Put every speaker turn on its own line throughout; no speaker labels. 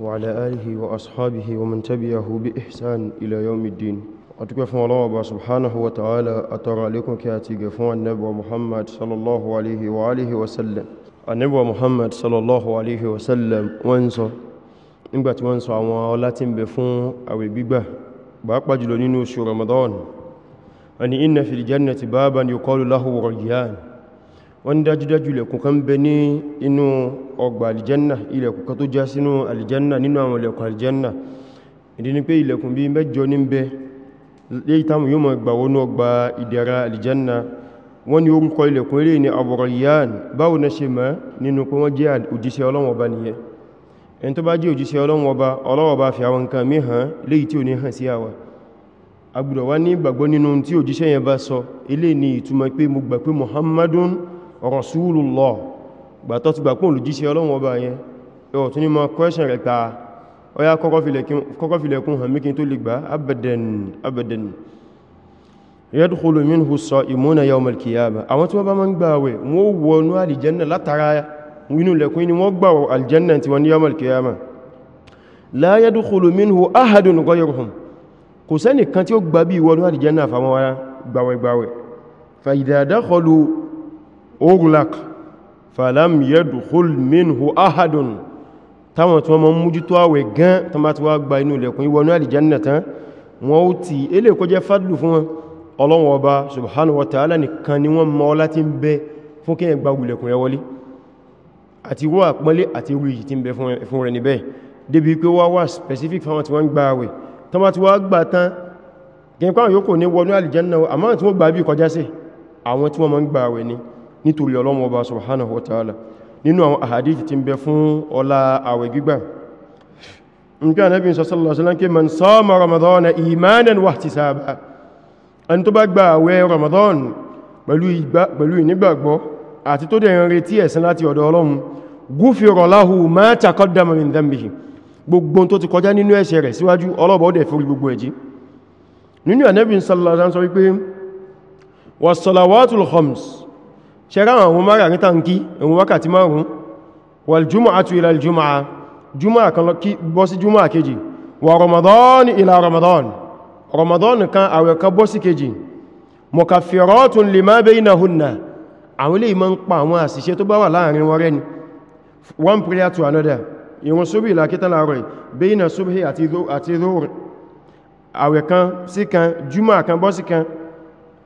وعلى آله وأصحابه ومن تبعه بإحسان إلى يوم الدين أتكفى الله سبحانه وتعالى أترى لكم كاتي كاتقفوا النبوة محمد صلى الله عليه وآله وسلم النبوة محمد صلى الله عليه وسلم وانسى nígbàtí wọ́n sọ àwọn ọlá tí ń bẹ fún àwẹ̀ gbígbà pàápàá jùlọ nínú oṣù Ramadan wani inna fil jannati baban wọ́n dájúdájú ilẹ̀kùn kan bẹ ní inú ọgbà alìjẹ́nà ilẹ̀kùn kan tó já sínú alìjẹ́nà nínú àwọn ilẹ̀kùn alìjẹ́nà ìdí ni pé ilẹ̀kùn bí mẹ́jọ ní bẹ léyìí táwọn yóò mọ̀ gbà wọnú ọgbà ìdẹ̀ra alìjẹ́nà wọ́n ní orúkọ ilẹ̀kùn eré ní Aburayyan báwo na ṣe mọ̀ nínú pé wọ́n jẹ́ òjíṣẹ́ Ọlọ́run Ọba nìyẹn ẹni tó bá jẹ́ òjíṣẹ́ Ọlọ́run Ọba Ọlọ́run Ọba fi àwọn nǹkan mí hàn léyìí tí ò ní ìgbàgbọ́ nínú tí òjíṣẹ́ yẹn bá sọ eléyìí ni ìtumọ̀ pé mo gbà pé Muhammadun Rasulullah gbàtọ́ ti gbàpọ̀ olùjíṣẹ́ Ọlọ́run ọba yẹn ẹwọ̀ tún ní mọ́ kwẹ́ṣẹ̀ rẹ̀ ta ọya kọ́kọ́ filẹ̀kún hàn míkin tó lè gbá abadan abadan yadkhulu minhu as-sa'imuna yawm al-qiyamah àwọn tí wọ́n bá máa ń gbààwẹ̀ wọ́n wọnú alìjẹ́nà látara inú lẹ̀kún ni wọ́n gbà alìjẹ́nà tí wọ́n ní yawm al-qiyamah la yadkhulu minhu ahadun ghayruhum orulak falam yadkhul minhu ahadun táwọn tí wọ́n mọ́ mújútó àwẹ̀ gan tán bá ti wá gba inú ilẹ̀kùn ìwọ̀nú àlìjánà wọ́n ó ti ilé kó jẹ́ fadlu fún wọn ọba subhanahu wa ta'ala nìkan ni wọ́n mọ́ láti ń bẹ fún kí ẹgbà gulẹ̀kùn rẹ wọlé àti wọ́ àpọ́nlé àti irú ìyí tí ń bẹ fún rẹ níbẹ̀ débi pé wá wà specific fáwọn tí wọ́n gba àwẹ̀ tán bá ti wá gbà tán kí n pàwọn yóò kò ní wọnú àlìjánà àmọ́ tí wọ́n gbà bí kọjá sí àwọn tí wọ́n mọ́ ń gba àwẹ̀ ni nítorí Ọlọ́run Ọba subhanahu wa ta'ala nínú àwọn ahadith tí ń bẹ fún ọlá àwẹ̀ gbígbà nke Ànábì sallallahu alaihi wasallam ke man sama ramadana imanan wa ihtisaba an tó bá gba àwẹ̀ ramadan pẹ̀lú ìgbà pẹ̀lú ìnígbàgbọ́ àti tó dẹ̀ ń retí ẹ̀san láti ọ̀dọ̀ Ọlọ́run gufira lahu ma taqaddama min dhanbihi gbogbo ṣẹ́ráwọn àwọn mara ní tàǹkí ìwọ̀n wákàtí márùn-ún wal jumu'atu ila al jumu'a jumu'a kan lọ kí bọ́ sí jumu'a kejì wa ramadan ila ramadan ramadan kan àwẹ̀ kan bọ́ sí kejì mukaffiratun lima baynahunna one prayer to another ìrun subhi lákítà láàrọ̀ bayna subhi àti dhuhr àwẹ̀ kan sí kan jumu'a kan bọ́ sí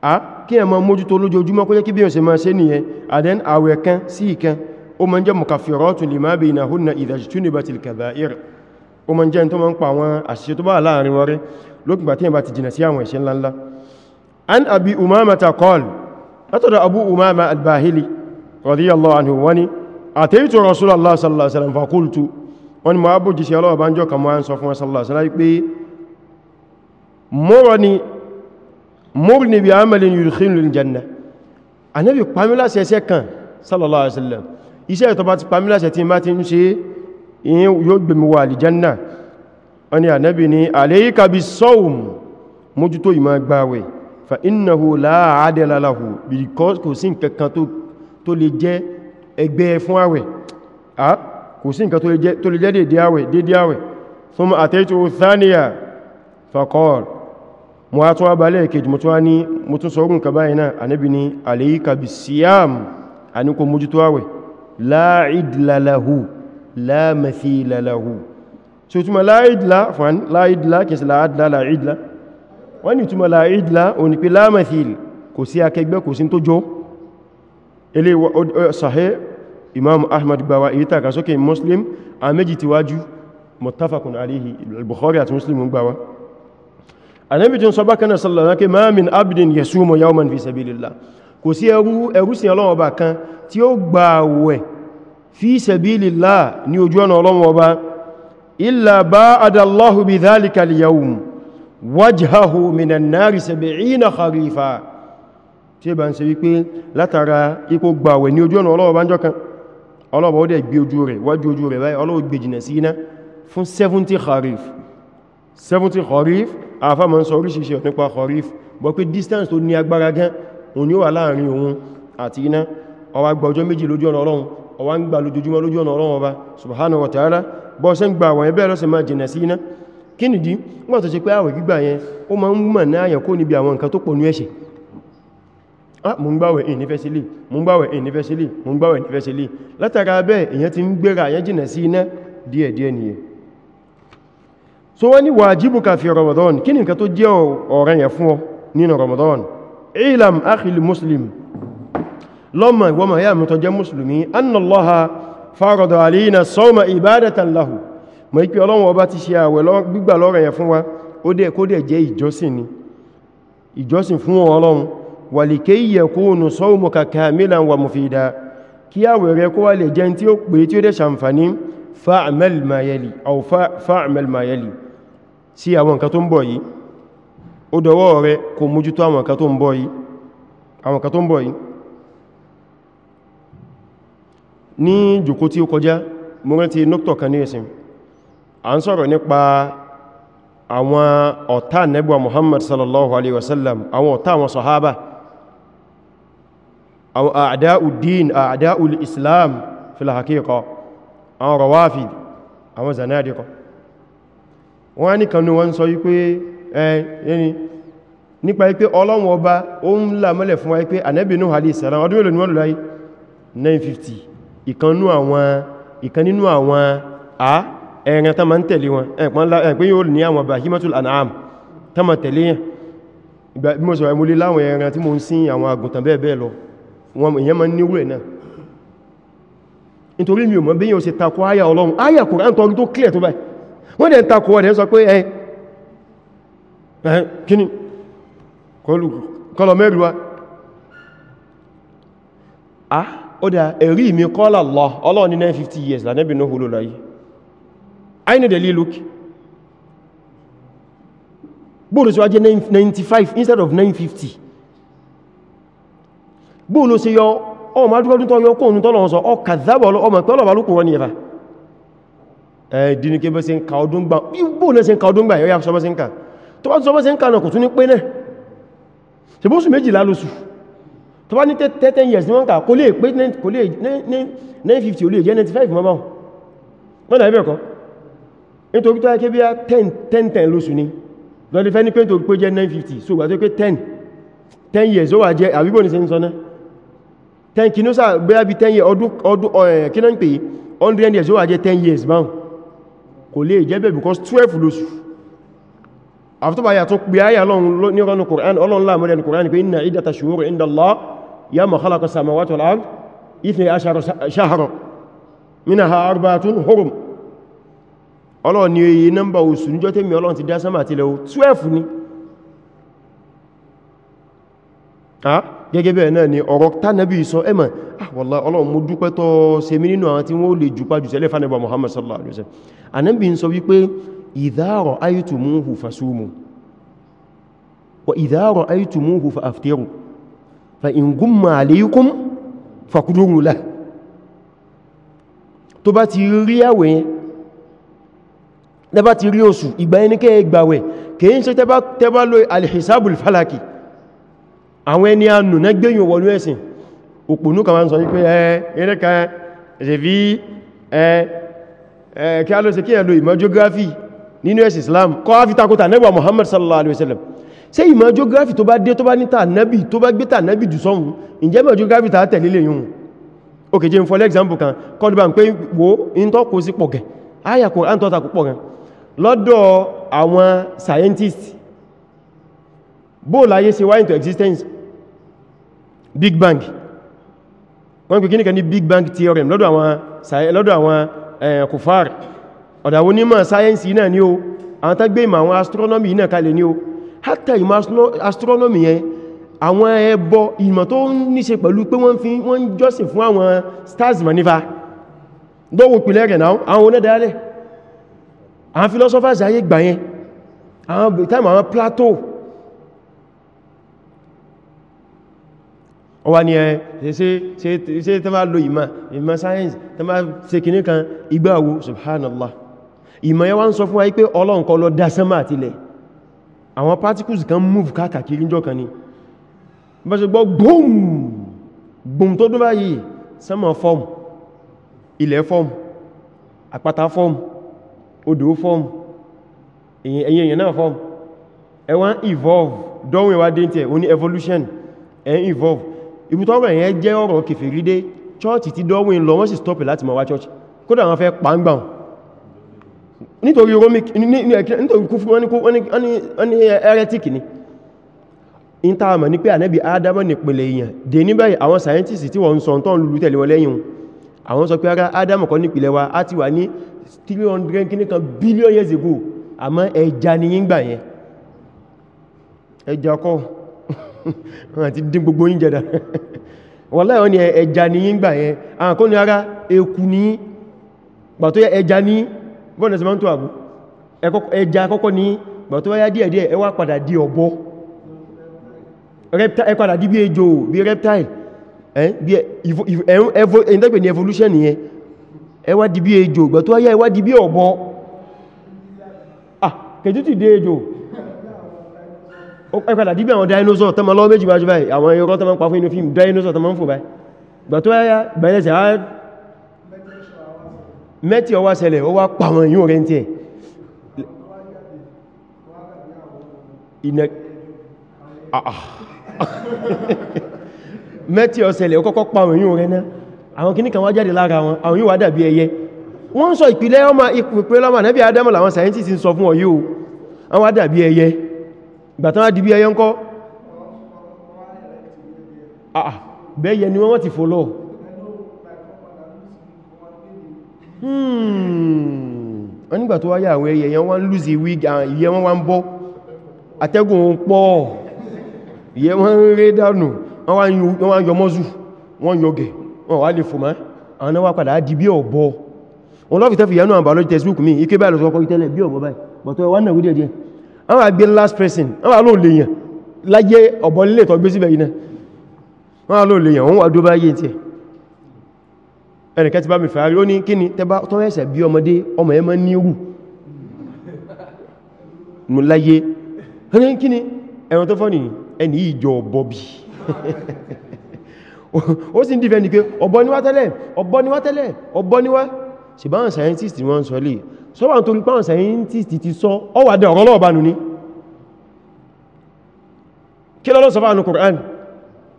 Ah, kí ẹ ma mójútó lójoojúmọ́ kó jẹ́ kí bí ọ̀sẹ̀ ma ṣe nìyẹn àdẹ́n àwẹ̀ kan sí ìkan ó ma ń jẹ́ mukaffiratun lima baynahunna idha ijtunibatil kaba'ir ó ma ń mọ́rin bí amalin yudkhilul janna anábi pàmílàṣẹ ẹsẹ kan sallallahu alaihi wasallam iṣẹ́ ìtọba ti pàmílàṣẹ tí ma ti ń ṣe yínyìn yóò gbẹ̀mí wà alìjanna wani anábi ni alayka bis-sawm mójútó ìmá gbáwẹ̀ fa innahu la adla lahu because kò sí nǹkan tó lè jẹ́ ẹgbẹ́ fún àwẹ̀ kò sí nǹkan tó lè jẹ́ dédé àwẹ̀ thumma ataytu thaniya faqala mo wá tún wá balẹ̀ kejì mo tún wá ní mo tún sọ orúnkà báyìí náà anábi ni alayka bisiyam a ní kò mójútó àwẹ̀ la idla lahu la mathila lahu so túnmọ̀ la idla fún la idla kìí sí la adla la idla wọ́n ni túnmọ̀ la idla o ní pé la mathil kò sí akẹgbẹ́ kò sí tó jọ ilé sahih imam al-bukhari àti muslim gbawa anábi tún sọ bákanáà sallallahu alaihi ma min abdin yasumu yawman fi sabilillah kò sí ẹrúsìn Ọlọ́run ọba kan tí ó gbààwẹ̀ fi sabilillah ní ojú ọ̀nà Ọlọ́run ọba illa ba'ada Allahu bi dhalika al-yawm wajhahu minan nari sab'ina kharifa tí ó bá ń ṣe wípé látara ipò gbààwẹ̀ ní ojú ọ̀nà Ọlọ́run ọba ń 70 kharif 70 kharif àfá ma ń sọ oríṣiríṣi nípa kharif bọ́ pé distance tó ní agbára gan òun ni ó wà láàrin òun àti iná ó wá gba ọjọ́ méjì lójú ọ̀nà ọlọ́run ó wá ń gbà lójoojúmọ́ lójú ọ̀nà ọlọ́run ọba subhanahu wa ta'ala bọ́ ṣe ń gba àwọn ẹbẹ́ lọ́sẹ̀ máa jìnà sí iná kí nìdí wọ́n tó ṣe pé àwẹ̀ gbígbà yẹn ó ma ń mọ̀ náà yẹn kó níbi àwọn nǹkan tó pọ̀ ah, díẹ̀díẹ̀ nìyẹn so wọ́n ní wàjíbùka fi ramadan kí ni nǹkan tó jẹ́ ọ̀ranyàn fún ọ nínú ramadan ilam akhil muslim lọ́mọ ìwọ́mọ̀ ya mú tó jẹ́ musulmi annallaha farada alina sawma ibadatan lahu mọ̀ ipi ọlọ́run ọba ti ṣe àwẹ̀ gbígbà lọ́ranyàn fún wa ó dẹ̀ kó dẹ̀ jẹ́ ìjọsìn ni ìjọsìn fún ọlọ́run kí àwẹ̀ rẹ kó wà lè jẹ́ tí ó pé tí ó dẹ̀ ṣàǹfàní fa'amal ma sí àwọn nǹkan tó ń bọ̀ yìí ó dọwọ́ rẹ kó mójútó àwọn nǹkan tó ń bọ̀ yìí àwọn nǹkan tó ń bọ̀ yìí ní jòkó tí ó kọjá mo rántí nọ́kítọ̀ kan ní ẹ̀sìn à ń sọ̀rọ̀ nípa àwọn ọ̀tá nẹ́bùwa Muhammad sallallahu alaihi wasallam àwọn ọ̀tá àwọn sahaba àwọn àdáùdín islam fil àwọn rawafid àwọn zanadiqa wọ́n ní kanú wọ́n sọ wípé ẹni nípa wípé ọlọ́run ọba ó ń làmọ́lẹ̀ fún wa wípé Ànábì Nuh ọdún mélòó ni wọ́n lò láyé 950 ìkanú àwọn ìkanínú àwọn a ẹ̀rẹ̀ ma ń tẹ̀lé wọn ẹ̀pẹ́ yóò ní àwọn bahimatul an'am tán ma tẹ̀lé yẹn ìgbà bí mo sọ̀rọ̀ ìmúlé láwọn ẹ̀rẹ̀ tí mo ń sin àwọn àgùntàn bẹ́ẹ̀ bẹ́ẹ̀ lọ wọn èyàn ma ń ní wúrẹ̀ náà nítorí mi ò mọ̀ bí yóò ṣe takọ áyà ọlọ́run áyà Kùránì tó clear tó báyìí wọ́n dẹ̀ ń takò ọ̀dẹ̀ sọ pé ẹ kíni kọlọ mẹ́rin wa ah ó dá ẹ̀rí mi kọ́lá Allah Allah ní 950 years lànẹ́bì náà hùlọ láyé a little look bóòlù sí wá jẹ́ 95 instead of 950 bóòlù sí yọ ọmọ adúgbọ́dún tó yọ kóònù tọ́lọ̀ sọ ọ kàzábọ̀ ọmọ pẹ́lọ̀bà lókùn wọn ni ẹ̀fà ẹ̀dínú eh, kí bẹ́ sí ń ka ọdún gbà bó náà sí ń ka ọdún gbà yóò sọ bẹ́ sí ń ka tó bá sọ bẹ́ sí ń ka náà kò tún ní pé náà ṣe bó sùn méjìlá lóṣù tó bá ní 10 years ní wọ́n kà kò lè pé 950 olè jẹ́ 95 mọ́ báwọn wọ́n náà ẹ̀bẹ̀ẹ̀kọ́ nítorí tó yẹ bí i 10 10 10 lóṣù ni lọ́dí fẹ́ ní pé tó pé jẹ́ 950 so gbà pé 10 10 years ó wà jẹ́ àwígbò ní sí ń sọ náà 10 kìnnúsà bẹ́ẹ̀ bí 10 years ọdún ọdún ọ̀ẹ̀ eh, kí náà ń pè 100 years ó wà jẹ́ 10 years báwọn kò lè jẹ́bẹ̀ because 12 lóṣù àfitóbáyà tó pè áyà lọ́run ní ọ̀rọ̀ Kùránì ọlọ́run láàmúrẹ̀ ní Kùránì pé inna iddata shuhuri inda Allah yawma khalaqa samawati wal ard ithna ashara shahra minha arba'atun hurum ọlọ́run ni èyí nọ́mbà 12 ni gẹ́gẹ́ bẹ́ẹ̀ náà ni ọ̀rọ̀ tánàbí sọ ẹmà ah, wallahi ọlọ́run mo dúpẹ́ tó ṣe mí nínú àwọn tí wọ́n lè jùpájù sẹ́lẹ̀ fánàbà Muhammad sallallahu alaihi wasallam anábì ń sọ wípé ìdárọ̀ ayítùmúhù fasúmù wa ìdárọ̀ ayítùmúhù fa aftiru fa in gumma alaykum fakuduru la tó bá ti rí àwẹ̀ yẹn tẹbá ti rí oṣù ìgbà ẹni kẹ́ ìgbàwẹ̀ kìí ṣe tẹbá lo alìhìsábùl falaki àwọn ẹni ànù náà gbẹ̀yìn wọnú ẹ̀sìn òpònú kàwọn sọ wípé ẹ̀ẹ́rẹ́ka ẹ̀ẹ́ kí a lọ sí kí ẹ lo ìmọ̀ geography nínú ẹ̀sì Islam kọ́ á fi takota nẹ́bà Muhammad sallallahu alaihi wasallam ṣe ìmọ̀ geography tó bá dé tó bá níta nẹ́bì tó bá gbé ta nẹ́bì jù sọ́hun ǹjẹ́ ìmọ̀ geography ta tẹ̀lé lè yún ok jẹ́ for example kan kọ́dùbà ń pé wo in tó kó sí pọ̀gẹ̀ ayàkùn à ń tọ́ta scientist bóòlù ayé ṣe wá into existence Big Bang wọ́n pè kí ní kan ní Big Bang theorem lọ́dọ̀ àwọn Eh, kùfàr ọ̀dàwó nímọ̀ sáyẹ́nsì náà ni ó àwọn tán gbé ìmọ̀ àwọn astronomy náà kalẹ̀ ni ó hátà ìmọ̀ astronomy yẹn àwọn ẹbọ ìmọ̀ tó ní ṣe pẹ̀lú pé wọ́n fi wọ́n jọ́sìn fún àwọn stars manifa lọ́wọ́ pìlẹ̀ rẹ̀ náà àwọn onídàálẹ̀ àwọn philosophers ayé gbà yẹn àwọn time àwọn Plato ọwá ní ẹ ṣe tẹ́ bá lo ìmọ̀ ìmọ̀ science. tẹ́ bá ṣe kìní kan ìgbàwo subhanallah ìmọ̀ yẹn wá ń sọ fún wa pé Ọlọ́run kọ́ ló dá sánmà àtilẹ̀ àwọn particles kan move káàkiri jọ kan ni bá ṣe gbọ́ gbóòm gbóòm tó dún báyìí sánmà form, ilẹ̀ form. àpáta fọ́m odò fọ́m ẹ̀yìn èèyàn náà fọ́m ẹwọ́n evolve dọ́wìn wá dé ń tẹ̀ ó ní evolution ẹ̀ evolve ibi tọ́rọ̀ yẹn jẹ́ ọ̀rọ̀ kèfèrí dé chọ́ọ̀tì tí dọ́wìn lọ wọ́n sì stọ́pì láti máa wá chọ́ọ̀tì kódà wọ́n fẹ́ pàǹgbà nítorí romic nítorí kú fún wọn ní heretic ni in ta mọ̀ ní pé ànábì adama nípìnlẹ̀ èèyàn dé ní báyìí àwọn scientists tí wọ́n sọ tán lulú tẹ̀lé wọn lẹ́yìn àwọn sọ pé ara adama kọ́ nípìnlẹ̀ wa a ti wà ní 300 kìnnìkan billion years ago àmọ́ ẹja ni yíngbà yẹn ẹja kọ́ àti dín gbogbo yín jẹ́dà wallahi wọ́n ní ẹja ní yín gbà yẹn àwọn kò ní ara eku ní gbàtó ẹja ní bọ́ọ̀nà sí máa ń tó àbú ẹja kọ́kọ́ ní gbàtó wáyá díẹ̀díẹ̀ ẹ wá padà di ọ̀bọ ẹ padà di bí ejò bí reptile ẹ̀yìn e, tẹ́gbẹ̀ ní evolution nìyẹn ẹ wá di bí ejò gbàtó wáyá ẹ wá di bí ọ̀bọ ah kẹjú ti dé ejò ẹ̀kọ́dà díbẹ̀ àwọn dinosaur tó ma lọ́wọ́ méjì bájú báyìí àwọn ẹ̀rọ tó ma ń pa fún inú fíìmù dinosaur tó ma ń fò báyìí gbà tó yá bẹ̀rẹ̀ sí àá mẹ́tí ọwá ṣẹlẹ̀ ó wá pa wọn yíò rẹ̀ ń tí ẹ̀ ah, ah. mẹ́tí ọṣẹlẹ̀ ó kọ́kọ́ pa wọn yíò rẹ̀ náà àwọn kìníkà wá jáde lára wọn àwọn yíò wá dàbí ẹyẹ wọ́n sọ ìpìlẹ̀ ọmọ ìpìlẹ̀ ọmọ nẹ́bí adámọ̀ làwọn scientists sọ fún ọ yíò àwọn wá dàbí ẹyẹ gbàtán àdìbí ẹyẹ ń kọ́ ah, ah, bẹ́yẹ ni wọ́n ti fò lọ hmm, wọ́n nígbà tó wáyé àwọn ẹyẹ yẹn wọ́n ń lùsì wíg ìyẹ́ wọ́n wá ń bọ́ atẹ́gùn pọ̀ ìyẹ́ wọ́n ń rẹ́ dànù wọ́n wá yọ mọ́zù wọ́n yọgẹ̀ wọ́n wá lè fò máa àwọn náà wá padà àdìbí ọ̀bọ̀ wọn lọ́fìtẹ́fì yẹnú àbálọ́jì tẹ́síbùkù mi ike báyìí lọ́sọ́kọ́ tẹ́lẹ̀ bí ọ̀bọ̀ báyìí bọ̀tọ̀ wọ́n náà wúdẹ̀ àwọn àgbé last person àwọn àlò lèyàn láyé ọ̀bọ̀ lílẹ̀ tọ́gbé síbẹ̀ iná wọ́n àlò lèyàn wọ́n wà dó bá yé tí ẹ̀ ẹnìkẹ́ ti bá mi fàárí ó ní kí ni tẹba tó ẹ̀sẹ̀ bí ọmọdé ọmọ ẹmọ nírù mú láyé ẹni kí ni ẹran tó fọ́nì ẹni ìjọ ọ̀bọ bí ó sì ń dìfẹ́ ní pé ọ̀bọ ni wá tẹ́lẹ̀ ọ̀bọ ni wá tẹ́lẹ̀ ọ̀bọ ni wá ṣùgbọ́n scientist wọ́n sọ lè sọ́wà ń torí páwọn sẹ́yìntìtì ti sọ ọwà dẹ ọ̀rọ̀ lọ́ọ̀bá nù ní kí lọ́lọ́ sọfà nù Qur'an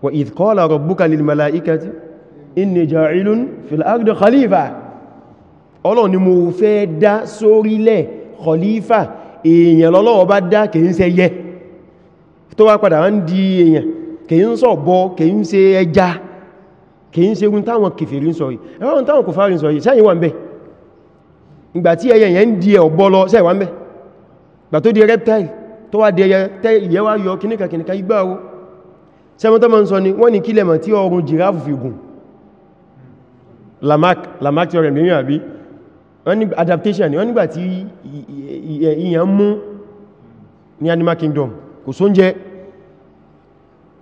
wa idh qala rabbuka lil mala'ikati inni ja'ilun fil ardi khalifa Ọlọ́run ni mo fẹ́ dá sórílẹ̀ khalifa èèyàn lọ́lọ́wọ́ bá dá kìí ṣe yẹ tó wá padà ń di èèyàn kìí ń sọ̀bọ kìí ṣe ìgbàtí ẹyẹ yẹn ń di ọ̀bọ lọ sẹ́ wà ń bẹ́ gbà tó di reptile tó wá di ẹyẹ tẹ́ ìyẹ́ wá yọ kìníkà kìníkà igbáwo sẹ́mọ́ tó ma ń sọ ni wọ́n ni kí lẹ́mọ̀ tí ọrùn jìráfù fi gùn Lamarck Lamarck tí ọrẹ̀ mìíràn àbí wọ́n ni adaptation wọ́n nígbà ìyàn mú ní animal kingdom kò sóúnjẹ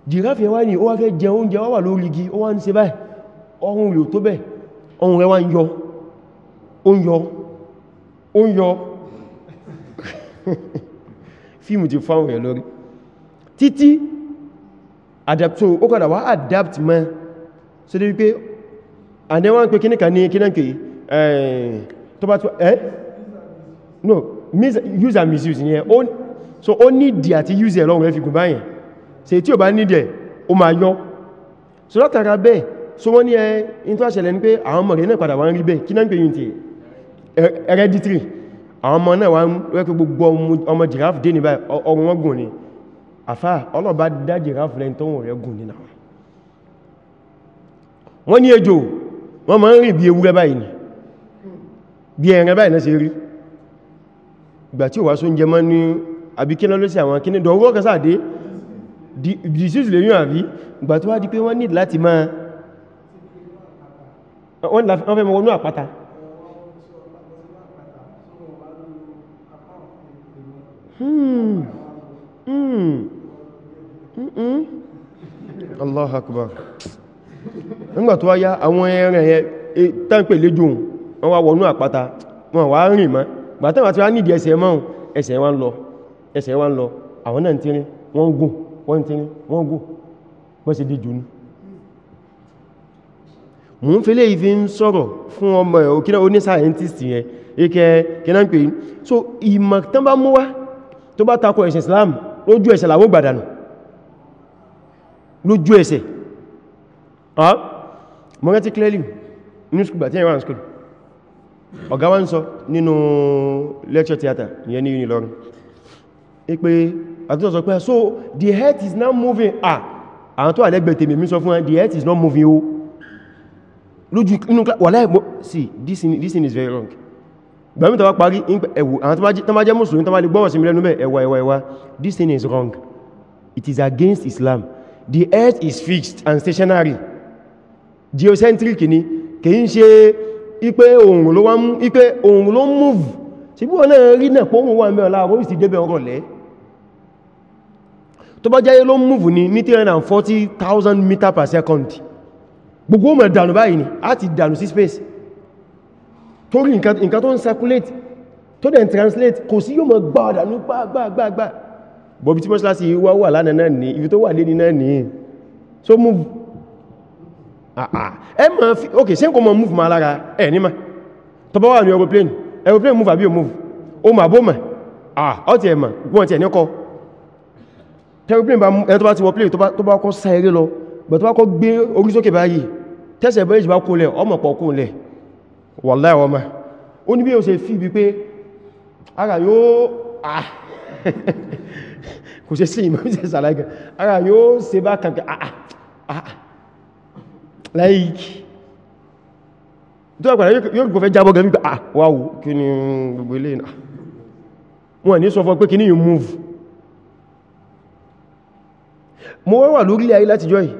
jìráfù yẹn wá ní ó wá fẹ́ jẹ oúnjẹ wá wà lórí ń yọ ó ó ń yọ fíìmù ti fáwọn ẹ̀ lórí títí adapto ó kọ̀dà wá adapt mọ́ so dé wípé àdẹ́wọ́n pé kíníkà ní kínákè eh, tó bá tó ẹ́ eh? no use and misuse ni ẹ so ó nídìí àti use ẹ̀ lọ́wọ́ rẹ̀ fi gùn báyẹn ṣe tí ò bá nídìí ó máa yọ so látara bẹ́ẹ̀ so wọ́n ní ẹ eh, in tó àṣẹlẹ̀ ní pé àwọn ọmọ rẹ̀ náà hereditary àwọn ọmọ náà wọ́n rẹ́kẹ́ gbogbo ọmọ giraffe dé ní báyìí ọrùn wọn gùn ní àfá ọlọ́bá dá giraffe lẹ́yìn tó wọ́n rẹ̀ gùn ní náà wọ́n ní ejò wọ́n máa ń rìn bí ewúrẹ́ báyìí ni bí ẹ̀rẹ́ báyìí náà ṣe rí ìgbà tí ó wá sóúnjẹ mọ́ ní àbíkínà ló sí àwọn kíní dọ̀wọ́ kẹsàdé disease lè yún àbí ìgbà tó wá di pé wọ́n ní láti máa wọ́n fẹ́ mọ́ wọnú àpáta Hmm. Hmm. Hmm. Allahu Akbar. Nígbà tó wáyá àwọn ẹran ẹ̀ eh, tánpẹ̀ léjò wọn wá wọnú àpáta wọn wá rìn mọ́. Gbàtán àti wá nídìí ẹsẹ̀ mọ́ ẹsẹ̀ wá ń lọ. Ẹsẹ̀ wá ń lọ. Àwọn náà ti rin, wọ́n gùn, wọ́n ti rin, wọ́n gùn. Wọ́n sì ní. Mò ń ń sọ̀rọ̀ fún ọmọ ẹ̀ Ike so tó bá takọ̀ ẹ̀sìn Islam lójú ẹsẹ̀ làwó gbàdànù lójú ẹsẹ̀ mọ́ rántí clearly ní school àti ẹ̀wọ̀n school ọ̀gá wá ń sọ nínú lecture theater. ìyẹn ní Ìlọrin ẹ pé àtúntọ̀ pé so the head is not moving ah àwọn tó àlẹ́gbẹ̀ẹ́ tèmi mi sọ fún the head is not moving o lójú inú wà láì see this thing is very wrong bẹ̀rẹ̀ tó parí ẹ̀wù àwọn tó jẹ́ mùsùlùmí tó lè gbọ́rọ̀ sí mílẹ̀ núbẹ̀ ẹwà ẹwà ẹwà this thing is wrong it is against Islam the earth is fixed and stationary geocentric ni kìí ṣe ipé oòrùn ló wá mú ipé oòrùn ló move sí bí wọ́n náà rí náà pọ́nrùn wà mẹ́rin láàrọ̀ ó sì débẹ̀ ọ̀rọ̀ lẹ́ tó bá jẹ́ ló move ni ní 340,000 meter per second gbogbo ọmọ ìdànù báyìí ni a ti dànù sí space torí nǹkan tó ń circulate tó dẹ̀ ń translate kò sí yóò mọ̀ gbáadà ní gbágbágbá bọ̀bí tí mọ́ṣíláṣí wá wà lánàá náà ní ibi tó wà lé ní náà ní so move ẹ ma fi ok ṣe n kò mọ̀ move ma lára ẹ ní ma tó bá wà ní aeroplane aeroplane move àbí o move o ma bó ma ah ọ ti ẹ ma gbọ́n ti ẹ ní kọ aeroplane bá ẹ tó bá ti wọ plane tó bá kọ́ sáré lọ bọ̀ tó bá kọ́ gbé orí sókè báyìí tẹ́sẹ̀ bẹ́ẹ̀ jù bá kó lẹ̀ ọmọ pọ̀ kó lẹ̀ wallahi ọmọ ó ní bí o ṣe fi bí pé ara yóò ah kò ṣe sí ìmọ̀ ìṣẹ́ sàlágà ara yóò ṣe bá kankan ah ah, ah ah like tó ẹgbẹ̀rẹ̀ yóò gbọ́fẹ́ jábọ́ gẹ̀mí ah wow kí ni gbogbo ilé náà wọ́n ní sọ fún pé kí ni you move mo wá wà lórílẹ̀ ayé láti jọ́ ẹ̀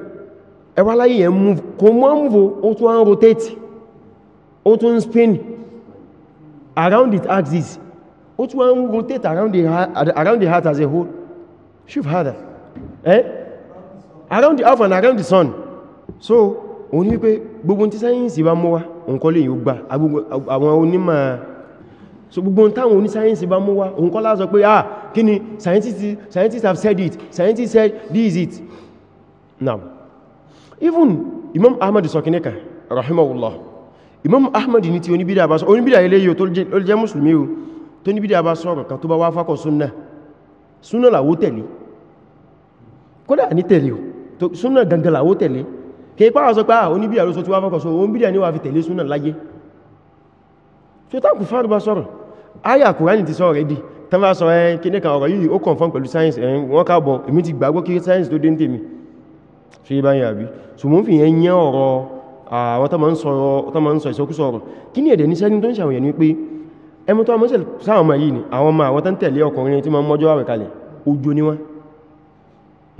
ẹwà láyé yẹn move kò mọ́ move ó tún wá ń rotate ó tún spin around its axis ó tún wọ́n rotate around the, around the heart as a whole ṣùf hádà eh around the earth and around the sun so òun ní pé gbogbo tí sáyẹ́nsì bá mú wá òǹkọ́ lè yíó gbà àwọn onímọ̀ so gbogbo táwọn onísáyẹ́nsì bá mú wá òǹkọ́ lásọ pé ah kí ni scientists have said it scientists said this is it now even Imam Ahmad sọkínẹ́kà rahimahullah imam ahmad ní ti oníbídà bá oni oníbídà ilé yíò tó jẹ́ musulmi o tó níbídà bá sọ ọ̀rọ̀ kan tó bá wá fákọ̀ súnnà súnnà làwó tẹ̀lé kódà ní tẹ̀lé o súnnà gangan làwó tẹ̀lé kí pàwà sọ pé à ah, oníbídà ló sọ tí wá fákọ̀ sọ oníbídà ní wà fi tẹ̀lé súnnà láyé tó tákù fáàrù bá sọ̀rọ̀ áyà kùránì ti sọ rẹ̀ di tán bá sọ ẹ́ kí ní kan ọ̀rọ̀ yìí ó confirm pẹ̀lú science ẹ̀ wọ́n káàbọ̀ èmi ti gbàgbọ́ kí science tó dé ń tèmi ṣe báyìí àbí ṣùgbọ́n fi yẹn yẹn ọ̀rọ̀ àwọn tó ma ń sọ ìsọkúsọ ọ̀rọ̀ kí ní èdè ní sẹ́ni tó ń sàwọn ẹni pé ẹmú tó àmọ́sẹ̀ sáwọn ọmọ yìí ni àwọn ọmọ àwọn tó ń tẹ̀lé ọkùnrin tí ma ń mọ́jọ́ àwẹ̀ kalẹ̀ ojo ni wọ́n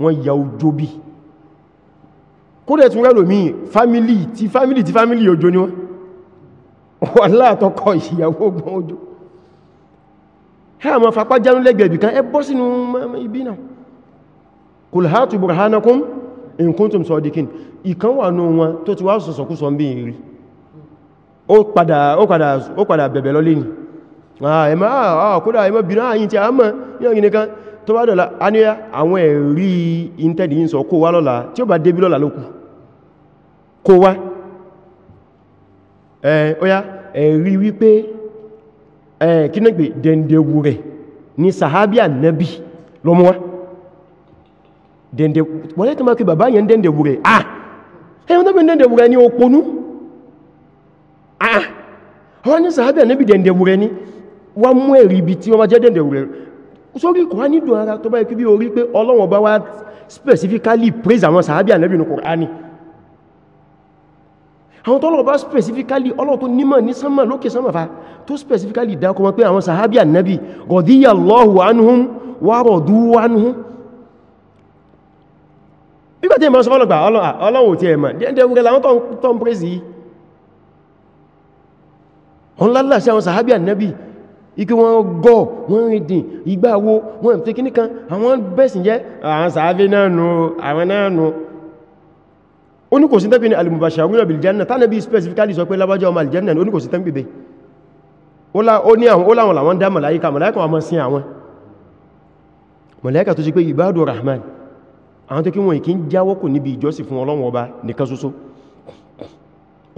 wọ́n ya ojo bí kódẹ̀ tún rẹ̀ lómi fámílì tí fámílì tí fámílì ojo ni wọ́n wọ́n látọkọ ìyàwó ọgbọ̀n ojo hẹ́ẹ̀mọ́ fapá jánú lẹ́gbẹ̀ẹ́bì kan ẹ bọ́ sínú ibi náà kùlhátù burhanakum in kuntum sadiqin ìkan wà nù wọn tó ti wá sọ̀sọ̀kúsọ ń bí rí ó padà ó padà ó padà bẹ̀bẹ̀ lọ́lé ni ẹ̀mọ́ àkódà ẹ̀mọ́ bìnà àyín tí a mọ́ yíò gini kan tó bá dọ̀lá a ní àwọn ẹ̀rí intẹ́dì yín sọ kó wá lọ́la ni sahabi annabi lọ́mọ́wàá dẹ̀ndẹ̀ wọ́n lẹ́tọ́ máa fi bàbá yẹn dẹ̀ndẹ̀ wùrẹ̀ ah ẹ̀yọ́n tó fi dẹ̀ndẹ̀ wùrẹ̀ ní òpónú ah wọ́n ní sàábẹ̀ níbi dẹ̀ndẹ̀ wùrẹ̀ ní wọ́n mú ẹ̀rí ibi tí wọ́n máa jẹ́ dẹ̀ndẹ̀ wùrẹ̀ sórí Kùránì dùn ara tó bá ikú bí orí pé Ọlọ́run bá wá specifically praise àwọn sàábẹ̀ ànẹ́bì ní Kùránì àwọn tọ́lọ̀ bá specifically Ọlọ́run tó nímọ̀ ní sánmà lókè sánmà fa tó specifically dákọ wọn pé àwọn sàábẹ̀ ànẹ́bì radiyallahu anhum wa radu anhum bíbẹ̀ tí ìmọ̀ sọ fọ́lọ̀gbà ọlọ́wọ̀ tí ẹ̀mọ̀ díẹ̀dẹ̀ ogun láwọn tó ń pèsè yìí ọ̀n lálà sí àwọn sàhábí ànábì ikú wọn gọ́ wọn rìndìn ìgbàwo wọn fi kí nìkan àwọn bẹ́sì jẹ́ àwọn sàhábí náà nù àwọn náà nù oníkòsí tẹ́pì ní al-mubashiruna bil janna tánàbí specifically sọ pé lábájá ọmọ aljanna oníkòsí tẹ́pì bẹ́ àwọn tó kí wọ́n ìkín jáwọ́ kò níbi ìjọsìn fún Ọlọ́run ọba nìkan ṣoṣo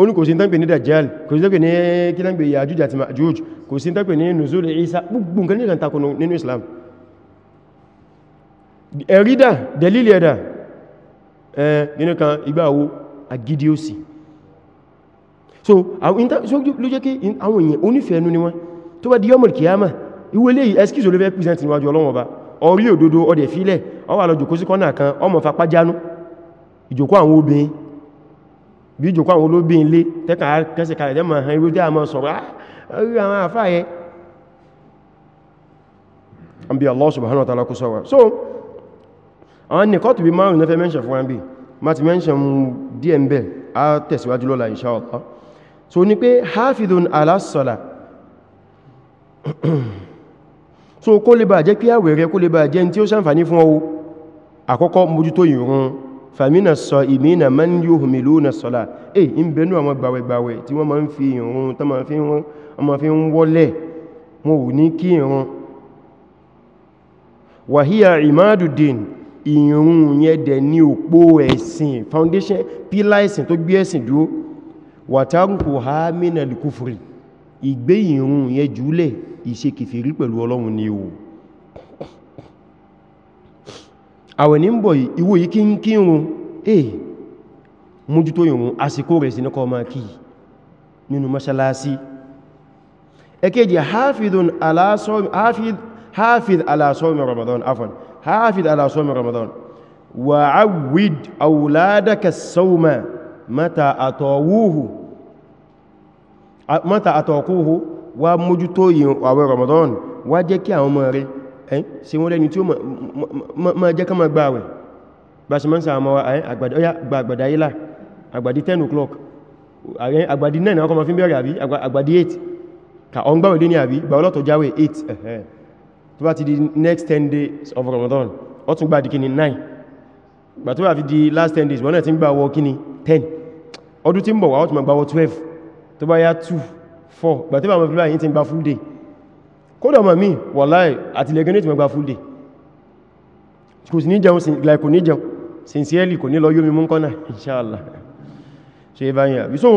ó ní kò sí tánpẹ̀ ní dajjal kò sí tánpẹ̀ ní kílánpẹ̀ Yájúj àti Májúj kò sí tánpẹ̀ ní nùzúlù Ìsá gbogbo nǹkan ní ìràntakùnù nínú Islam ẹ̀rídà dalili ẹ̀dà nínú kan ìgbàwo agidi ó so ló jẹ́ kí àwọn èèyàn onífẹ̀ẹ́nu ni wọ́n tó bá di yọmọ̀lì kìyàmà ìwé lè excuse olófẹ́ present níwájú Ọlọ́run orí òdodo ọdẹ̀ fílẹ̀ ọ wà lọ jòkó sí kọ́nà kan ọmọ fapá jánú ìjòkó àwọn obìnrin bí ìjòkó àwọn olóbìnrin lé tẹ́kà kẹsẹ̀ kalẹ̀ jẹ́mọ̀ ah, àwọn irú tí a mọ́ sọ̀rọ̀ orí àwọn àfáàyẹ an bí Allah subhanahu wa ta'ala kú sọ́wọ́ so àwọn nìkọ́ tó bí márùn náà fẹ́ mẹ́ṣẹ̀ fún wọn bí ma ti mẹ́ṣẹ̀ mú díẹ̀ ń bẹ̀ á tẹ̀síwájú lọ́la insha Allah so ní pé hafidun ala so kó lè bá jẹ́ pé àwẹ̀ rẹ kó lè bá jẹ́ tí ó ṣàǹfàní fún ọwọ́ àkọ́kọ́ mójútó ìrun fàmínà sọ ìmínà man yuhmiluna sọ́lá eh in bẹnu àwọn gbàwẹ̀gbàwẹ̀ tí wọ́n ma ń fi ìrun tó ma fi ń wọ́lẹ̀ wọn ò ní kí ìrun wàhíyà imaduddin ìrun yẹn dẹ̀ ní òpó foundation pílà ẹ̀sìn tó gbé ẹ̀sìn dúró wàtàrùkù ha mínà likúfùrì ìgbé ìrun yẹn jùlẹ̀ ìṣe kìfèrí pẹ̀lú ọlọ́run ni o àwẹ̀ ní ń bọ̀ ìwò yìí kí ń kí ìrun eh mójútó ìrun àsìkò rẹ̀ sí ní kọmọ kí nínú mọ́ṣálásí ẹkẹ́jì hafiz alasọ́mi ramadan afon hafiz alasọ́mi ramadan wa awid auladaka sauma mata atawuhu mọ́ta àtọ̀kúhù wá mójútó àwẹ̀ Ramadan wá jẹ́ kí àwọn ọmọ rẹ̀ ẹ́ sí wọ́n lẹ́ni tí ó ma jẹ́ ká ma gba àwẹ̀ bá ṣe mọ́ sí àmọ́ àgbàdá ilá àgbàdí 10 o'clock àgbàdí 9 ọkọ̀ ma fi bẹ̀rẹ̀ ka ọ ń gbáwẹ̀ lé ní àbí gbà ọlọ́tọ̀ jáwẹ̀ 8 ẹ̀hẹ́ next 10 days of Ramadan ọ tún gbà dìkini 9 gbà tó bá last 10 days wọ́n náà ti ń gbà wọ́ kíni 10 ọdún tí ń bọ̀ wà ó ma gbà tó bá yá 2 4 gbàtí bá mọ̀ fílá yìí ti gba full day kódà mọ̀ mí wàláì àti lẹ́gẹ́nì ti mọ̀ gba full day kò sí ní jẹun like kò ní jẹun sincerely kò ní lọ yómi mún kọ́nà inshallah ṣe bá yà bí so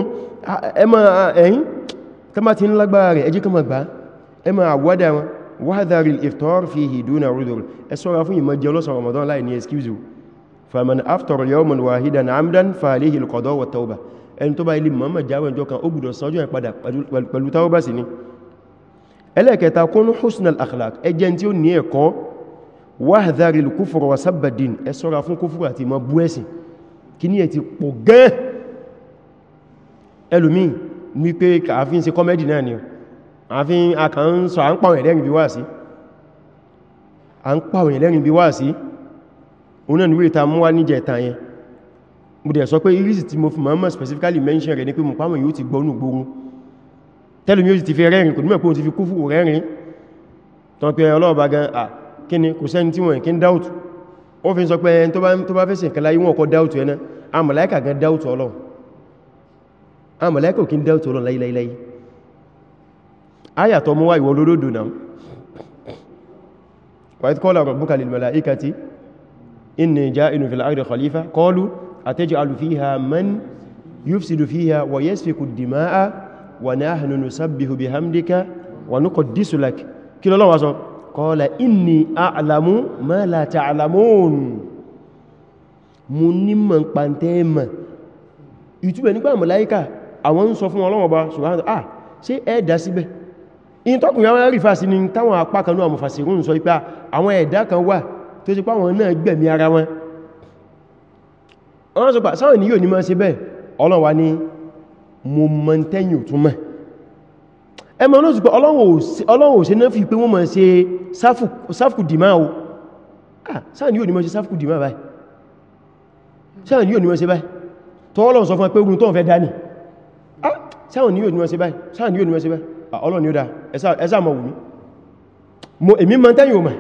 ẹmọ ẹ̀yìn tó má ti ń lágbára rẹ̀ ẹjí kọmọ gbá ẹmọ àwọ́dà wọn wáhàdàrí iftar fihi duna rudur ẹ sọ́ra fún ìmọ̀ jẹ lọ́sàn amdan falihi alqada wa tawbah ẹni tó bá ilé mọ́mọ̀ jáwẹ̀ ìjọ kan ó gbùdọ̀ sanjọ́ ìpadà pẹ̀lú tawọ́bá sí ni ẹlẹ́kẹta kún husnal akhlaq ẹjẹ́ tí ó ní ẹ̀kọ́ wahdharil kufur wa sabbadin ẹ ṣọ́ra fún kúfùrù àti mọ́ bú ẹ̀sìn kí ní ẹ̀ ti pọ̀ gẹ́ ẹlòmí wípé àfin mo dẹ̀ sọ pé iris tí mo fi mọ́mọ́ specifically mention rẹ̀ ní pé mo pàmọ̀ yóò ti gbọ́nù gbóhun tẹ́lù mi ó ti fi rẹ́rin kò nímọ̀ pé o ti fi kú fún rẹ́rin tán pé ọlọ́ọ̀bá gan à kí kò sẹ́ni tí wọ́n kí ń dáùtù ó fi sọ pé ẹni tó bá fẹ́sẹ̀ kan láyé wọn kọ́ khalifa qalu أتجعل فيها من يفسد فيها ويسفك الدماء ونحن نسبه بحمدك ونقدس لك كلا الله وصف قال إني أعلم ما لا تعلمون منما قانتما ìtúbẹ̀ nígbà màláíkà àwọn ń sọ fún ọlọ́wọ́ bá ṣùgbọ́n ah ṣe ẹ̀dà síbẹ̀ in tọ́kùnrin àwọn rífà sí ni táwọn apá kanú àmọ̀fàsírùn sọ ipá àwọn ẹ̀dà kan wà wọ́n sọ pà sáwọn ènìyàn ní máa ṣe bẹ́ẹ̀ Ọlọ́run wá ní mo mọ̀ tẹ́yìn òtún mẹ́ ẹmọ náà sì pé Ọlọ́run ò ṣe náà fi pé wọ́n máa ṣe sáfùkù dìmá o sáwọn ènìyàn ní máa ṣe sáfùkù dìmá báyìí sáwọn ènìyàn ní máa ṣe báyìí tó Ọlọ́run sọ fún ẹ pé ogun tó ń fẹ́ dání sáwọn ènìyàn ní máa ṣe báyìí sáwọn ènìyàn ní máa ṣe báyìí Ọlọ́run ni ó dá ẹsà mọ̀ wùmí èmi mọ̀ tẹ́yìn ò mọ̀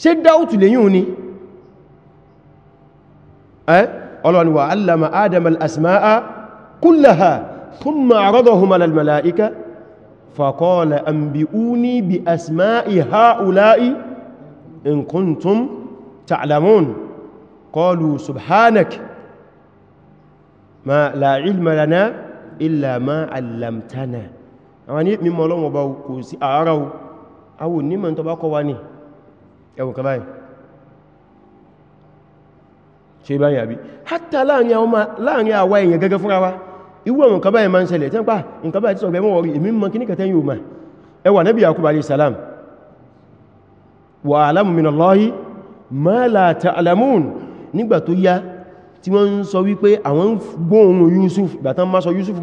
ṣe dáútù lẹ́yìn òní ọlọ́run wà allama adam al'asma'a kullaha thumma aradahum ala al-mala'ika faqala anbi'uni bi asma'i ha'ula'i in kuntum ta'lamun qalu subhanak ma la ilma lana illa ma 'allamtana àwọn ní mímọ̀ ọlọ́run ọba kò sí àárá o àwọn onímọ̀ tó bá kọ́ wá ní ẹwùn kàbáyìí ṣe báyìí àbí hátà láàrin àwa èèyàn gẹ́gẹ́ fúnra wa irú ọ̀rùn kan báyìí máa ń ṣẹlẹ̀ tí ń pà nǹkan báyìí tí sọ̀rọ̀ ẹmọ́ wọ̀rí èmi mọ́ kí ní kẹta yóò máa ẹwà Nabi Yakub alayhi salam wa alamu minallahi ma la ta'lamun nígbà tó yá tí wọ́n ń sọ wípé àwọn gbóhun Yusuf ìgbà tán máa sọ Yusuf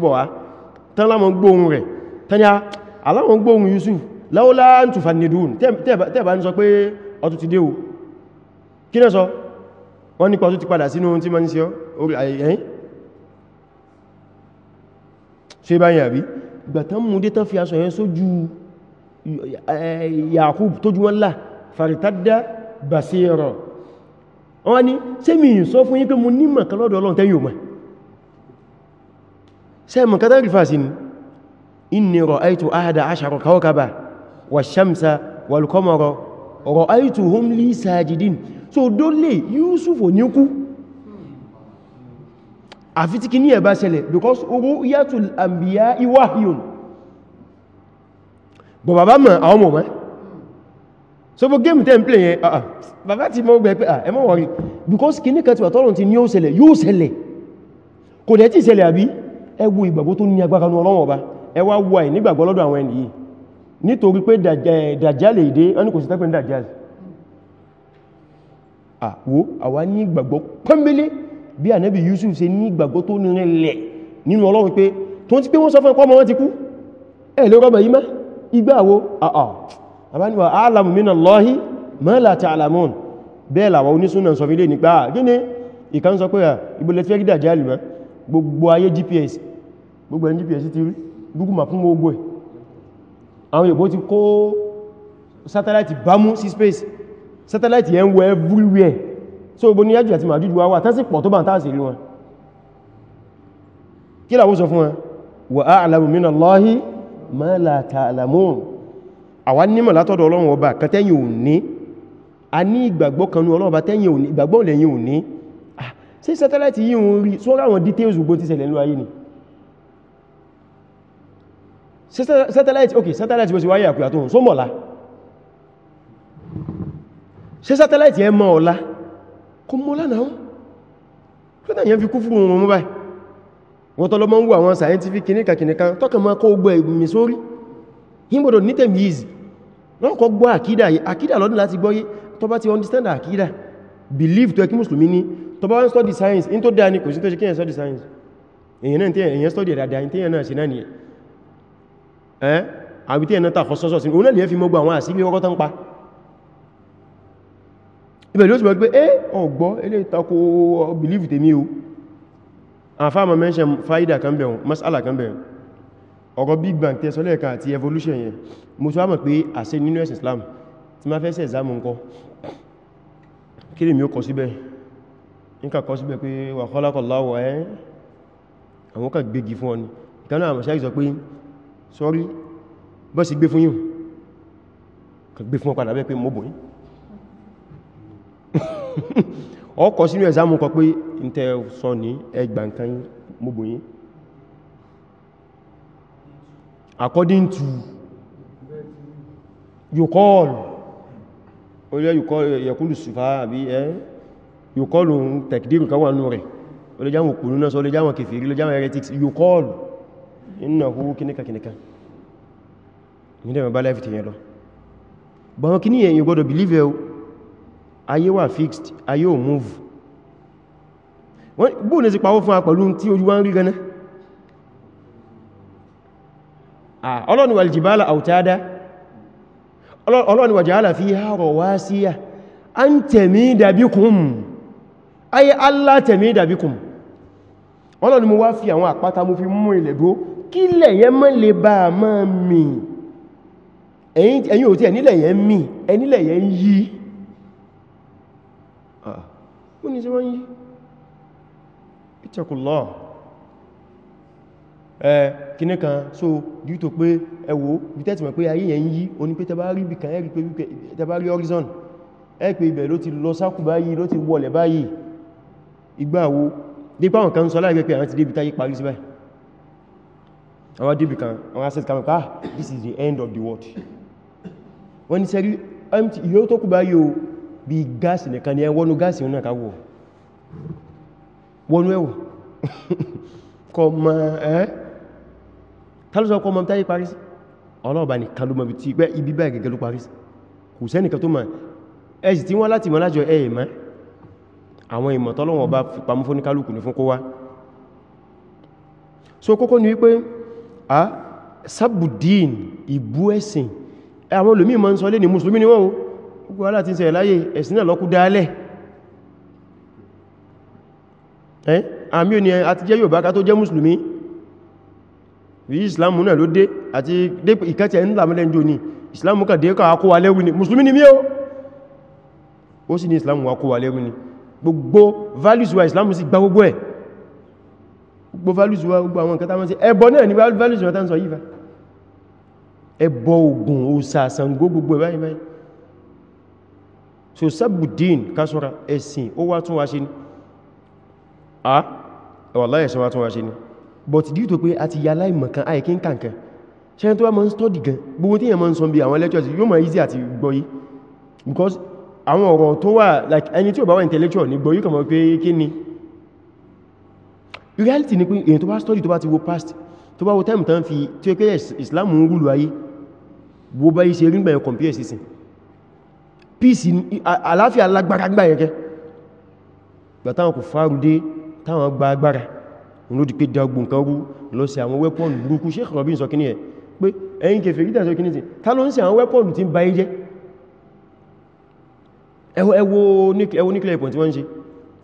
kí náà sọ wọ́n nípa tó ti padà sínú ohun tí ma ń ṣe orí ayẹyẹn ṣe báyìí àbí gbàtán mú dé tán fi aṣọ yẹn sójú Yakub tó jú wọ́n lá faritadda basira wọ́n ni ṣe mi sọ fún yín pé mo nímọ̀ kan lọ́dọ̀ Ọlọ́run tẹ́yìn so dole Yusuf ò ní kú àfi tí kí ní ẹ̀bá ṣẹlẹ̀ because ogun yatul ambiya iwahiyun bọ̀ bàbá mọ̀ àwọn mọ̀ mẹ́ so bó game ten play yẹn ah, ah bàbá ti mọ́ gbẹ̀ pé ah ẹ má worry because kí ní kẹtùwà tọ́lọ̀ ti ní ó ṣẹlẹ̀ yóò sele kò dẹ̀ tí ṣẹlẹ̀ àbí ẹ wo ìgbàgbọ́ tó ní agbára Ọlọ́run Ọba ẹ wá ni. nígbàgbọ́ lọ́dọ̀ àwọn ẹni yìí nítorí pé eh, dàjálè ìdé ẹni kò sí tẹ́pẹ́ ní dàjálè àwọ àwa ní ìgbàgbọ́ pọ́nbélé bí ànábì Yusuf ṣe ní ìgbàgbọ́ tó nírinlẹ̀ nínú Ọlọ́run pé tó ń ti pé wọ́n sọ fún ọkọ́ ọmọ wọn ti kú ẹ̀ ló rọ́bà yìí má igbá àwọ àbániwà alamu minallahi ma la ta'lamun bẹ́ẹ̀ làwà onísúnà sọ fílé nípa gíní ìkan sọ pé ìbúlẹ̀ tí ẹgídà jẹ́ alìmọ́ gbogbo ayé GPS gbogbo ẹni GPS ti rí Google Maps fún gbogbo ẹ̀ àwọn ìbò ti kó satellite bámú sí space satellite yẹn wọ everywhere so gbogbo ní Yájùj àti Májùj wá wà tán sí pọ̀ tó bá ń tàà sí rí wọn kí làwó sọ fún wọn wa a'lamu minallahi ma la ta'lamun àwa nímọ̀ látọ̀dọ̀ Ọlọ́run ọba kan tẹ́yìn ò ní a ní ìgbàgbọ́ kan ní Ọlọ́run ọba tẹ́yìn ò ní ìgbàgbọ́ lẹ́yìn ò ní sí satellite yìí ń rí sọ́rọ̀ àwọn details gbogbo ti ṣẹlẹ̀ ní ayé ni satellite ok satellite bó ti wáyé àkùyà tó ń sọ́mọ̀lá so ṣe sátẹ́láìtì ẹ mọ́ ọ̀lá kó mọ́ lánàá wọn tó náà yẹn fi kú fún wọn mú báyìí wọ́n tọ́lọ mọ́ ń wọ àwọn scientific kìníkà kìníkà tọ́kà máa kó gbọ́ ìgbìmì sórí yínbọ̀dọ̀ ní tẹ̀míìzì wọ́n kọ́ gbọ́ àkídà àkídà lọ́dún láti gbọ́yé tó bá ní tó science in tó dáa ní kò sí tó ṣe kí èyàn study science èyàn náà èyàn study ẹ̀dàdà ìtẹ́yàn náà ṣe náà nìyẹn àbítẹ́yàn náà tàkọ́ sọ́sọ́ sí òun náà lè fi mọ́gbọ́ àwọn àsìlẹ̀ ọkọ́ tán pa ibẹ̀ ló sì mọ̀ pé ẹ́ eh, ọ̀gbọ́ ilé ìtakò believe tèmi o àfáàmà mention fáídà kan bẹ̀rùn masala kan bẹ̀rùn ọ̀rọ̀ big bang tẹ́ sọ lẹ́ẹ̀kan àti evolution yẹn mo tó wá mọ̀ pé àṣẹ nínú ẹ̀sìn Islam tí ma fẹ́ sẹ̀ ìzámù ńkọ́ kí lè mi ó kọ síbẹ̀ níkà kọ síbẹ̀ pé wà kọ́lákọ̀láwọ̀ ẹ́ àwọn sorry gbé fún yíò kà fún ọ bẹ́ pé mọ́bùn yìí ọkọ̀ sínú ẹ̀sámù kọ pé ń tẹ́ sọ ní ẹgbà nǹkan gbogbo yín according to you call olóyẹ you call yẹkúlù sùfà àbí ẹ́ you call ohun tẹ̀kìdìrù kan nù rẹ̀ olójáwọn òpònú náà sọ olójáwọn kèfèrí olójáwọn heretics you call innahu kíníkà kíníkà ní dẹ̀mẹ̀ bá láìfì lọ believe ayé wà fixed ayé ò move bóò ní sí pàwó fún apẹ̀lú tí ojú wá ń rí gẹ́nẹ́ ọlọ́ni wà jìbálà àwùtádá ọlọ́ni wà jìbálà fi hàrọ̀ wá sí yà an tẹ̀mí dàbíkùn ayé allá tẹ̀mí dàbíkùn ọlọ́ni mo wá fi àwọn àpáta mo fi mú ilẹ̀ bó kí lẹ̀yẹ ẹ̀yìn ò tí ẹ̀ mí ẹ̀ nílẹ̀yẹ yìí ó ní tí wọ́n yí ìtẹ̀kùlọ́ ẹ kìní kan so dí tó pé ẹwò bí tẹ́tì pé ayé yẹn yí o ní pé tẹbá rí horizon ẹ pé ibẹ̀ ló ti lọ sákù báyìí ló ti wọlẹ̀ báyìí ìgbàwo dípá àwọn kan sọ láìpẹ́ pé àwọn ti débi táyé parí sí ah, this is the end of the world wọ́n ni sẹ́rí yóò tó kù báyìí o bí gáàsì nìkan ni ẹ wọnú gáàsì náà ká wò wọnú ẹ̀wò kọmọ ẹ́ tàbí ọkọ̀mọ̀ tàbí paris ọlọ́ọ̀bá ní kalùmọ̀ bí ti pẹ́ ibi báyìí gẹ́gẹ́ paris kò sẹ́nìkan tó mọ̀ ẹ̀sì tí wọ́n láti mọ̀ lájọ ẹ̀ mọ́ àwọn ìmọ̀ tọ́lọ́wọ̀n bá pamọ́ so kókó ni wípé a sábùdín ìbú ẹ̀sìn àwọn olùmí mọ́ ń sọ lé ní mùsùlùmí ni wọ́n gbogbo wàhálà tí ń ṣẹlẹ̀ láyé ẹ̀sìn náà lọ́kú dálẹ̀ àmì òní àti jẹ́ Yorùbá ká tó jẹ́ Mùsùlùmí rí Islamu náà ló dé àti dé ìkẹ́tẹ̀ ń làmílẹ̀ jò ní Islamu kà dé ká kó wa lẹ́rú ni Mùsùlùmí ni mí o ó sì ní Islamu wa kó wa lẹ́rú ni gbogbo values wa Islamu sì gba gbogbo ẹ̀ gbogbo values wa gbogbo àwọn ìkẹta mọ́ sí ẹbọ náà ni values wa tán sọ yífa ẹbọ Ògún òsàsàn gbogbo ẹ̀ báyìí báyìí so sabudin kásọ́ra ẹ̀sìn ó wá tún wá ṣe ní a wallahi ẹ̀sìn wá tún wá ṣe ní but dí tó pé a ti yà láì mọ̀kan àìkín kànkan ṣe tó wá ma ń stọ́dì gan gbogbo tí èèyàn ma ń sọ bí àwọn lectures yóò ma easy àti gbọ́yí because àwọn ọ̀rọ̀ tó wà like ẹni tí ò intellectual ní gbọ́yí kàn mọ̀ pé kí reality ni pé èèyàn tó bá stọ́dì past tó bá time tán fi tí ó Islam ń rúlu ayé wo báyí ṣe rí gbẹ̀yàn compare sísìn peace àláfíà lágbára gbà yẹ̀kẹ́ gbà táwọn kò fárúdé táwọn gba agbára ló di pé dagbùn kan rú lọ sí àwọn wẹ́pọ̀nù burúkú Sheikh Rabi sọ kíní ẹ̀ pé ẹ̀yin kẹfẹ̀ rí tàṣọ kíní sí ta ló ń sí àwọn wẹ́pọ̀nù tí ń ba ẹjẹ́ ẹwọ nuclear point wọ́n ń ṣe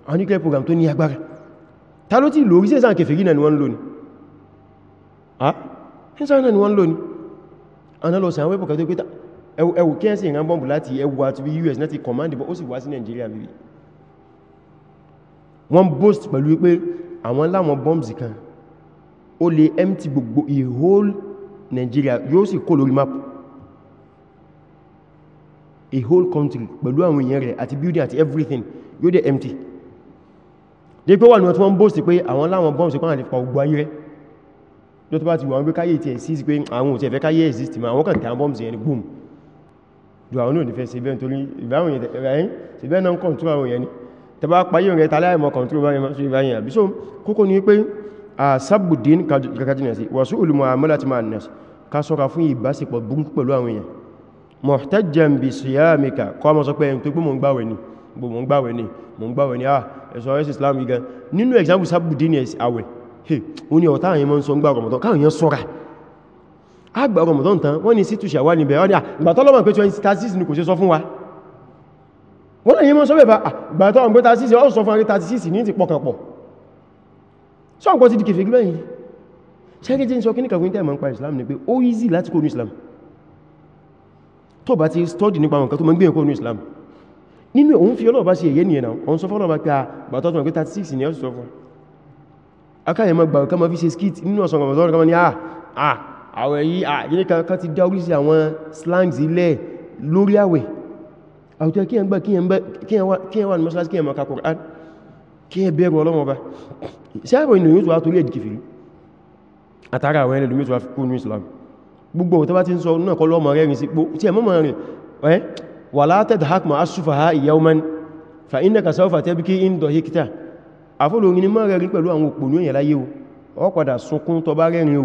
àwọn nuclear program tó ní agbára ta ló ti lórí sẹ́sàn kẹfẹ̀ rí náà ni wọ́n lónìí ah sẹ́sàn náà ni wọ́n lónìí ẹwù kí ẹ́sì ìran bọ́m̀bù láti ẹwù àti bí US náà ti command bọ́ ó sì wá sí Nigeria bíbí wọ́n boast pẹ̀lú wípé àwọn láwọn bombs kan ó lè empty gbogbo a whole Nigeria yóò sì kó lórí map a whole country pẹ̀lú àwọn èèyàn rẹ̀ àti building àti everything yóò dẹ̀ empty dé pé wà ní ọtí wọ́n boast pé àwọn láwọn bombs kan àti pa gbogbo ayé rẹ̀ ló tó bá ti wọ́n gbé káyé ti ẹ̀ sí pé àwọn òtẹ̀fẹ́ káyé exist ma àwọn kàn tàn bombs yẹn ni boom ju àwọn onífẹ́ sí ibẹ́ nítorí ìbáwọn èèyàn ẹ̀rẹ́yìn sí ibẹ́ náà ń kọ̀ntú àwọn èèyàn ni tẹbá payé rẹ̀ tàlẹ́ àìmọ̀ kọ̀ntú bá rẹ̀mọ́ sí ìbáyìn àbí so kókó ní pé a sábùdín kàkàjìnà sí wàsú olùmọ̀ àmọ́lá ti máa nà ká sọ́ra fún ìbáṣepọ̀ burúkú pẹ̀lú àwọn èèyàn mọ̀tẹ́jẹm bí síyámìkà kọ́ mọ́ sọ pé ẹni tó gbọ́ mọ̀ ń gbàwẹ̀ ni gbọ́ mọ̀ ń gbàwẹ̀ ni mọ̀ ń gbàwẹ̀ ni ah ẹ̀sọ́ ẹ̀sì Islam yìí gan nínú example sábùdín ẹ̀sì àwẹ̀ ó ní ọ̀tá àyẹ̀mọ́ ń sọ ń gbà rọ̀mọ̀tọ́ káwọn èèyàn sọ́ra àgbà Ramadan tán wọ́n ní sí tù ṣàwà níbẹ̀ ọ́dá ìgbàtọ́lọ́mọ̀ pé 26 ní kò ṣe sọ fún wa wọ́n lè yí mọ́ sọ́bẹ̀ bá ìgbàtọ́lọ́mọ̀ pé 36 ọ́ sọ fún àrí 36 ní ti pọkànpọ̀ sọ nǹkan ti Se kèfèrí gbẹ̀yìn ṣẹ́gẹ́ jẹ́ sọ kíníkà fún ìtẹ́mọ̀ nípa Islam ni pé o easy láti kó ní Islam tó bá ti study nípa nǹkan tó mọ́ gbé ẹ̀kọ́ ní Islam nínú òun fi ọlọ́ọ̀bá sí ẹ̀yẹ́ nìyẹn náà òun sọ fọ́lọ́ọ̀bá pé àgbàtọ́tọ̀ pé 36 ni ọ́ sọ fún akáyẹ̀mọ́ gbàrùkámọ́ fi ṣe skit nínú ọ̀sán Ramadan kama Ah, ah àwẹ̀ yìí àyíní kankan ti dá orísìí àwọn slangs ilẹ̀ lórí àwẹ̀ àwùjọ kí ẹn gbà kí ẹn wà ní mọ́sálásí kí ẹn mọ́ka Kùránì kí ẹ bẹ̀rù ọlọ́mọba sáàrọ̀ inú yóò tó wá torí ẹ̀dì kìfìrí àtàrà àwọn ẹlẹ́dùn yóò tó wá fi kúrò ní Islam gbogbo tó bá ti ń sọ náà fa innaka sawfa tabki indọ̀ hekita àfọ́lórin ni mọ́ rẹ̀ rí pẹ̀lú àwọn òpònú èèyàn o ó padà sunkún tó rẹ̀rin o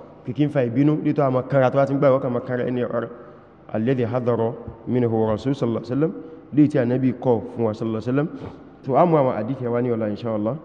kìkín fa ìbínú lítọ́ àmà kára tó láti gbáwọ́ kàmà kára ẹni ọ̀rọ̀ alẹ́dẹ̀ hadaro minhu rasul sallallahu alaihi lè tí a nábi kọ fún wa sallallahu to a mú àwọn àdíkẹ wa ní ọ̀la insha